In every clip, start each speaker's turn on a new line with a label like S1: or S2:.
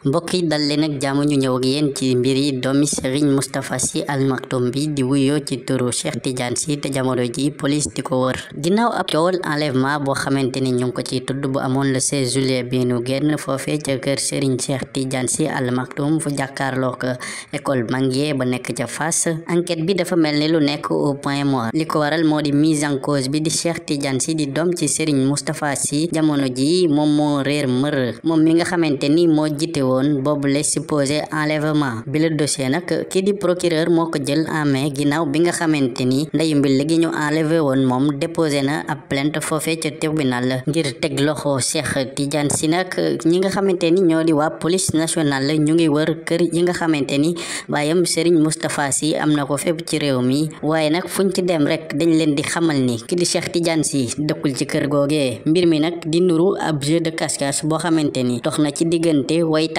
S1: mbokk yi dal leen ak jaamu ñu ñëw ak yéen ci mbir yi doomi Serigne Moustapha Sy Al Maktoum bi di wuyoo ci turu Cheikh Tidiane Sy te jamono ji police di ko wër ginnaaw enlèvement boo xamante ni ñu ngi ko ci tudd bu amoon le 16 juillet bi nu génn foofee ca kër Serigne Cheikh Tidiane Sy Al Maktoum fu jàkkaarloo ko école Manguier ba nekk ca fas enquête bi dafa mel ni lu nekk au point mort li ko waral moo di mise en cause bi di Cheikh Tidiane si di doom ci Serigne Moustapha si jamono ji moom moo réer mër moom mi nga xamante ni moo jiite woon boobule supposé enlèvement bi la dossier nag kii di procureur moo ko jël en main ginnaaw bi nga xamante ni ndeyu mbill gi ñu enlevé woon moom déposé na ab plainte foofee ca tribunal ngir teg loxo Cheikh Tidiane Sy nag ñi nga xamante ni ñoo di waa police nationale ñu ngi wër kër yi nga xamante ni baayam Serigne Moustapha si am na ko fépp ci réew mi waaye nag fuñ ci dem rek dañ leen di xamal ni ki di Cheikh Tidiane Sy dëkkul ci kër googee mbir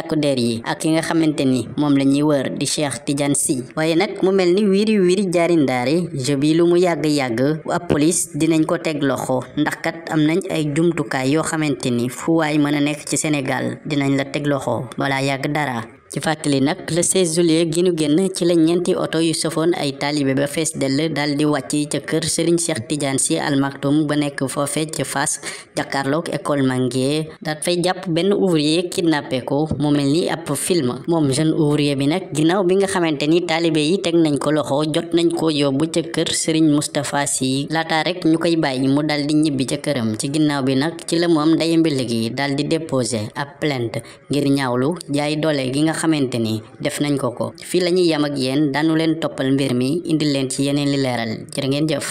S1: takku der yi ak yi nga xamante ni moom la ñuy wër di Cheikh Tidiane si waaye nag mu mel ni wiiri wiiri jaarindaari jeu bi lu mu yàgg-yàgg ab police dinañ ko teg loxo ndax kat am nañ ay jumtukaay yoo xamante ni fu waay mën a nekk ci Sénégal dinañ la teg loxo wala yàgg dara ci fàttali nag le 16 juillet gi ñu génn ci la ñeenti oto yu sofoon ay taalibe ba fees dell daal di wàcc ca kër Serigne Cheikh Tidiane si Al ba nekk foofe ca fas jàkkaarloog école Manguier daat fay jàpp benn ouvrier kidnappé ko mu mel ni ab film moom jeune ouvrier bi nag ginnaaw bi nga xamante ni taalibe yi teg nañ ko loxo jot nañ ko yóbbu ca kër Serigne Moustapha Sy laata rek ñu koy bàyyi mu daal di ñibbi ca këram ci ginnaaw bi nag ci la moom ndey mbi gi daal di déposé ab plainte ngir ñaawlu xamante ni def nañ ko ko fii la ñuy yam ak yéen daanu leen toppal mbir mi indi leen ci yeneen li leeral jërë ngeen jëf